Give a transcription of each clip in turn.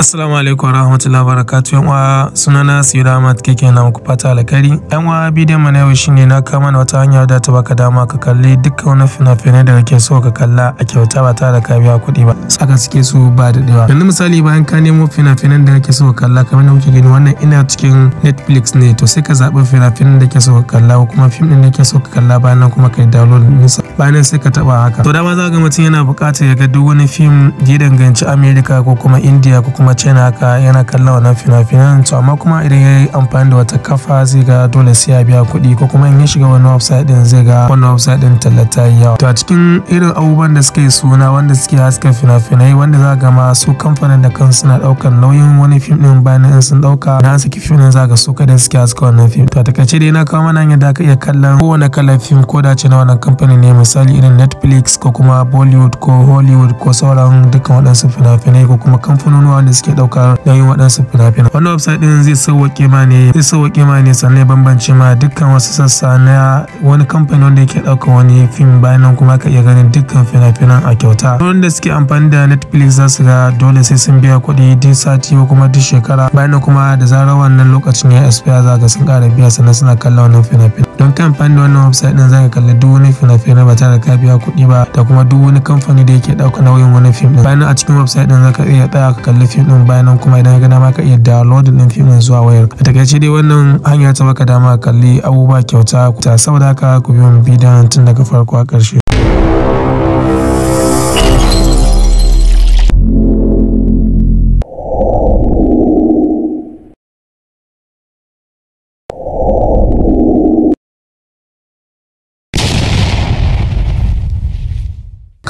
Assalamu alaikum wa rahmatullahi barakatu yan uwa sunana Sayyida Ahmad keke na muku fata alkhairi yan uwa bidiyon mu na yau shine na kama na wata hanya da ta baka dama ka kalli dukkan wani fina-finai da kake so ka kalla a kyauta ba tare da ka biya kuɗi ba saka suke so ba da dawa yanzu misali bayan ka nemo fina-finan da kake so ka kalla kamar da kuke gani wannan ina cikin Netflix ne to sai ka zaɓi fina-finan da kake so ka kalla ko kuma fim ɗin da kake so ka kalla bayan nan kuma kai download nisa bayan sai ka taba haka to dama za ga mutum yana buƙatar ya ga duk wani fim da ya danganci America ko kuma India ko kuma mace yana haka yana kallon wannan fina-finan to amma kuma idan ya yi amfani da wata kafa zai ga dole sai ya biya kuɗi ko kuma in ya shiga wani website din zai ga wani website din tallata yawa to a cikin irin abubuwan da suke suna wanda suke haska fina-finai wanda za ga ma su kamfanin da kan suna ɗaukar nauyin wani fim din bayan in sun ɗauka na saki fim din za ga su kada suke haska wannan fim to a takaice dai na kawo mana hanyar da aka iya kallon kowane kalar fim ko da ce na wannan kamfanin ne misali irin Netflix ko kuma Bollywood ko Hollywood ko sauran dukkan waɗansu fina-finai ko kuma kamfanonuwa suke dauka don yin waɗansu fina fina wannan website din zai sauwaƙe ma ne zai sauwaƙe ma ne sannan bambanci ma dukkan wasu sassa na wani kamfani wanda yake ɗaukar wani fim bayan nan kuma ka iya ganin dukkan fina-finan a kyauta wanda suke amfani da netflix za su ga dole sai sun biya kuɗi duk sati ko kuma duk shekara bayan nan kuma da zarar wannan lokacin ya expire za ka sun ƙara biya sannan suna kallon wannan fina-finan don ka amfani da wannan website din za ka kalli duk wani fina finan ba tare da ka biya kuɗi ba da kuma duk wani kamfani da yake ɗaukar nauyin wani fim din bayan a cikin website din za ka iya tsaya ka kalli fim din bayan nan kuma idan ka dama ka iya downloading din fim zuwa wayar a takaice dai wannan hanya ta baka dama kalli abubuwa kyauta ta saboda haka ku biyo mu bidiyon tun daga farko a ƙarshe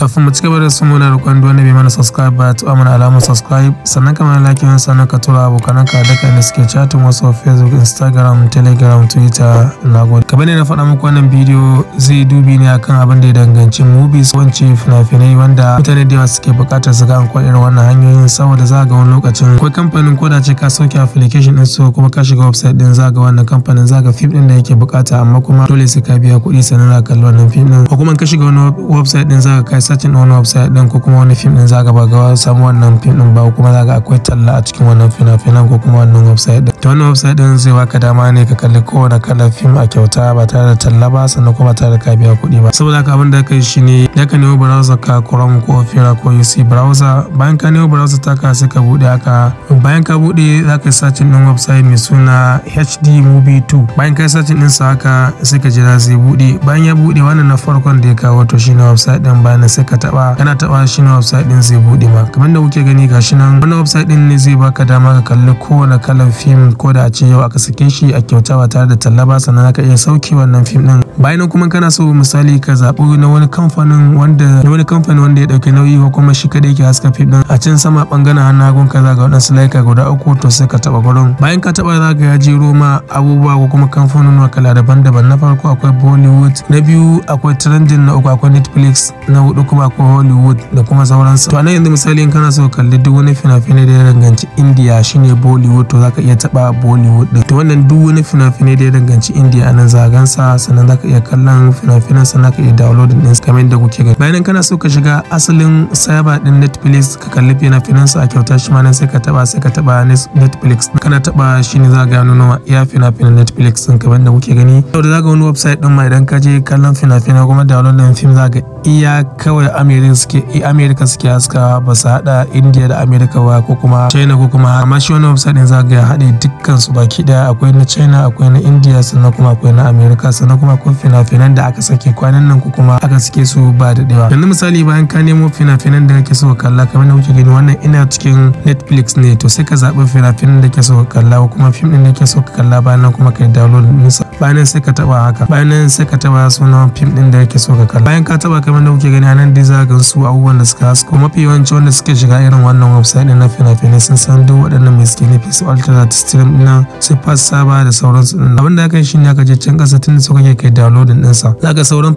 kafin mu cigaba da su muna roƙon duk wanda bai mana subscribe ba ta mana alamar subscribe sannan kamar like like sannan ka tura abokanan ka duka da suke chatin wasu facebook instagram telegram twitter na gode. kamar ne na faɗa muku wannan bidiyo zai dubi ne akan abin da ya danganci movies wance fina-finai wanda mutane da yawa suke buƙatar su ga an irin wannan hanyoyin saboda za ga wani lokacin akwai kamfanin ko da ce ka sauke application din su kuma ka shiga website din za ga wannan kamfanin za ga fim din da yake buƙata amma kuma dole sai ka biya kuɗi sannan za ka kalli wannan fim din ko kuma ka shiga wani website din za ka kai sacin wani website din ko kuma wani fim din zaka ba ga samu wannan fim din ba kuma zaka akwai talla a cikin wannan fina-finan ko kuma wannan website ɗin. ta wani website din zai baka dama ne ka kalli kowane kalar film a kyauta ba tare da talla ba sannan kuma tare da ka biya kuɗi ba saboda haka abin da ka yi shine da ka nemo browser ka chrome ko opera ko uc browser bayan ka nemo browser ta ka sai ka buɗe haka bayan ka buɗe za ka yi sacin din website mai suna hd movie 2 bayan ka yi sacin din sa haka sai ka jira zai buɗe bayan ya buɗe wannan na farkon da ya kawo to shine website din bayan sai ka taba kana taba shine website din zai buɗe ma kamar da kuke gani gashi nan wannan website din ne zai baka dama ka kalli kowane kalar film ko da a ce yau aka sake shi a kyauta ba tare da tallaba ba sannan aka iya sauke wannan fim din bayan kuma kana so misali ka zaɓi na wani kamfanin wanda na wani kamfanin wanda ya ɗauki nauyi ko kuma shi kaɗai ke haska fim din a can sama ɓangaren hagun ka za ga waɗansu laika guda uku to sai ka taɓa gurin bayan ka taɓa za ka ya jiro ma abubuwa ko kuma kamfanin kala daban-daban na farko akwai bollywood na biyu akwai trending na uku akwai netflix na hudu kuma akwai hollywood da kuma sauransu to a nan yanzu misali kana so kalli duk wani fina-finai da ya danganci india shine bollywood to za ka iya taɓa ba bollywood din to wannan duk wani fina-finai da ya danganci india a nan zagansa sannan zaka iya kallon fina-finan sannan ka iya download din kamar yadda kuke gani bayan kana so ka shiga asalin cyber din netflix ka kalli fina-finan sa a kyauta shi ma nan sai ka taba sai ka taba netflix kana taba shi ne za ga nuna ya fina-finan netflix din kamar yadda kuke gani to da zaga wani website din ma idan ka je kallon fina-finai kuma download din film za ga iya kawai amerika eh, suke haska ba su hada india da amerika ba ko kuma china ko kuma amma shi wani website ne za ga haɗe dukkan su baki daya akwai na china akwai na india sannan kuma akwai na amerika sannan kuma akwai fina-finan da aka sake kwanan nan ko kuma aka sake su ba da dawa yanzu misali bayan ka nemo fina-finan da kake so kalla kamar da kuke gani wannan ina cikin netflix ne to sai ka zaɓi fina-finan da kake so kalla ko kuma fim ɗin da kake so kalla bayan nan kuma kai download nisa bayan nan sai ka taba haka bayan nan sai ka taba sunan fim din da yake so ka kalla bayan ka taba kamar da kuke gani a nan dai za ga su abubuwan da suka hasko mafi yawanci wanda suke shiga irin wannan website din na fina-finai sun san duk waɗannan mai suke nufi su alternate stream din su saba da sauransu din abin da aka shi ne aka je can kasa tun da suka kai downloading din sa za ka sauran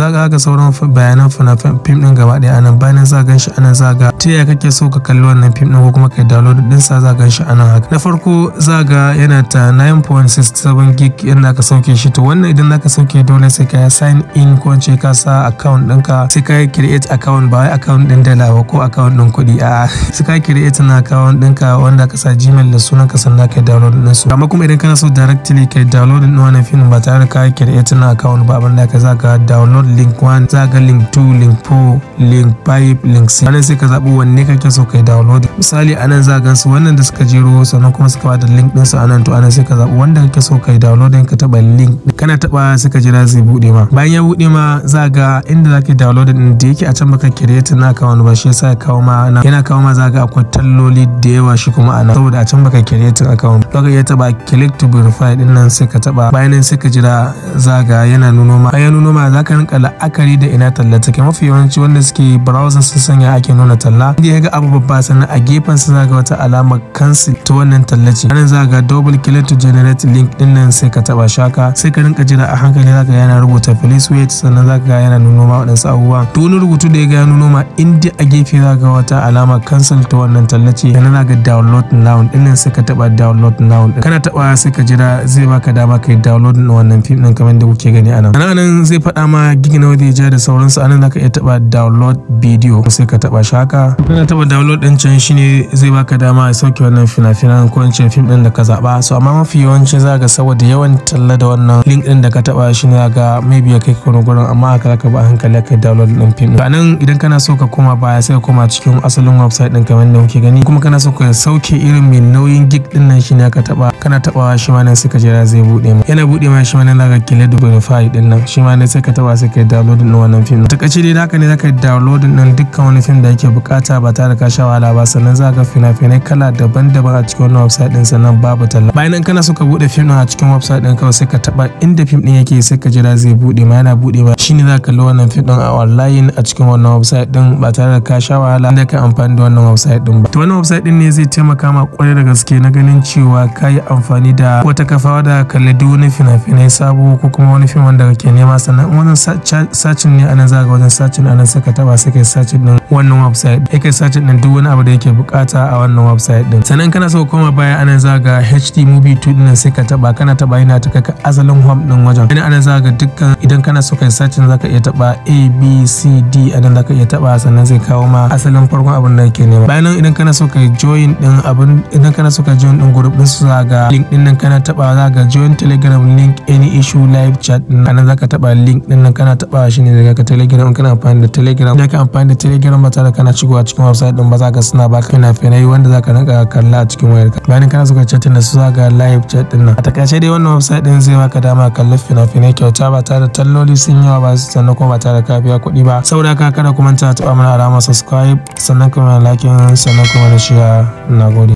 za ga haka sauran bayanan fina-fin fim din gaba ɗaya anan bayan za gan shi anan za ga ta yaya kake so ka kalli wannan fim din ko kuma kai download din sa za gan shi anan haka na farko za ga yana ta 9.67 gig yana ka sauke shi to wannan idan zaka sauke dole sai ka sign in ko ce ka sa account ɗinka sai ka create account ba wai account ɗin dala ba ko account ɗin kuɗi a sai ka create na account ɗinka wanda ka sa gmail da sunan ka sannan ka download ɗin su amma kuma idan kana so directly ka download ɗin wannan fim ba tare da ka create na account ba abin da ka za ka download link 1 za ka link 2 link 4 link 5 link 6 anan sai ka zaɓi wanne kake so ka download misali anan za su wannan da suka jero sannan kuma suka ba da link ɗinsu anan to anan sai ka zaɓi wanda kake so ka download ka taɓa el link kana taba sai jira zai bude ma bayan ya bude ma za ga inda zaka download din da yake a can baka create na wani ba shi yasa ya kawo ma yana kawo ma za ga akwai talloli da yawa shi kuma a saboda a can baka create account zaka ya taba click to verify din nan sai ka taba bayan nan sai ka jira za ga yana nuno ma bayan nuno ma za ka rinka la'akari da ina talla take mafi yawanci wanda suke browser sun sanya ake nuna talla inda ya ga abu babba sannan a gefen sa za ga wata alamar cancel ta wannan talla ce nan za ga double click to generate link din nan sai ka taba shaka sai ka rinka ka jira a hankali zaka ga yana rubuta police weight sannan zaka ga yana nuno ma waɗansu abubuwa duk wani rubutu da ya ga nuno ma in a gefe zaka ga wata alama cancel ta wannan tallace sannan na ga download now din nan sai ka taba download now din kana taba sai ka jira zai baka dama kai download din wannan film din kamar da kuke gani anan anan zai faɗa ma gig nawa zai ja da sauransu anan zaka iya taba download video sai ka taba shi haka kana taba download din can shine zai baka dama a sauke wannan fina-finan ko in film din da ka zaba so amma mafi yawanci zaka ga saboda yawan talla da wannan link din da ka taba shi ne ga maybe ya kai ka wani gurin amma haka zaka ba hankali kai download din film a nan idan kana so ka koma baya sai ka koma cikin asalin website din kamar da kuke gani kuma kana so ka sauke irin mai nauyin gig din nan shi ne ka taba kana taba shi ma nan sai ka jira zai bude ma yana bude ma shi ma nan zaka kile dubin file din nan shi ma nan sai ka taba sai ka download din wannan ta kace dai haka ne zaka download din dukkan wani film da yake bukata ba tare da ka sha wahala ba sannan zaka fina-finai kala daban-daban a cikin wannan website din sannan babu talla bayan nan kana so ka bude film a cikin website din kawai sai ka taba inda fim din yake sai ka jira zai bude ma yana bude ba shine za ka kalli wannan fim din a online a cikin wannan website din ba tare da ka sha wahala inda ka amfani da wannan website din ba to wannan website din ne zai taimaka ma kwarai da gaske na ganin cewa ka yi amfani da wata kafa da kalli duk wani fina-finai sabo ko kuma wani fim wanda kake nema sannan wannan sacin ne anan za ka wajen sacin anan sai ka taba sai ka sacin din wannan website sai ka sacin din duk wani abu da yake bukata a wannan website din sannan kana so koma baya anan za ga HD movie 2 din sai ka taba kana taba yana ta asalin map din wajen wani anan zaga dukkan idan kana so kai sacin zaka iya taba a b c d anan zaka iya taba sannan zai kawo ma asalin farkon abin da kake nema bayan nan idan kana so kai join din abin idan kana so kai join din group din su za ga link din nan kana taba za ga join telegram link any issue live chat din anan zaka taba link din nan kana taba shi ne daga telegram kana amfani da telegram idan ka amfani da telegram ba tare kana shigowa cikin website din ba zaka suna baka fina-finai wanda zaka rinka kalla a cikin wayarka bayan kana so kai chat din su zaka live chat din nan a takaice dai wannan website din zai baka dama a kalli fina-finai kyauta ba tare da talloli sun yawa ba sannan kuma ba tare da kafiya kuɗi ba saboda haka kada ku manta taɓa mana alamar subscribe sannan kuma like sannan kuma da share na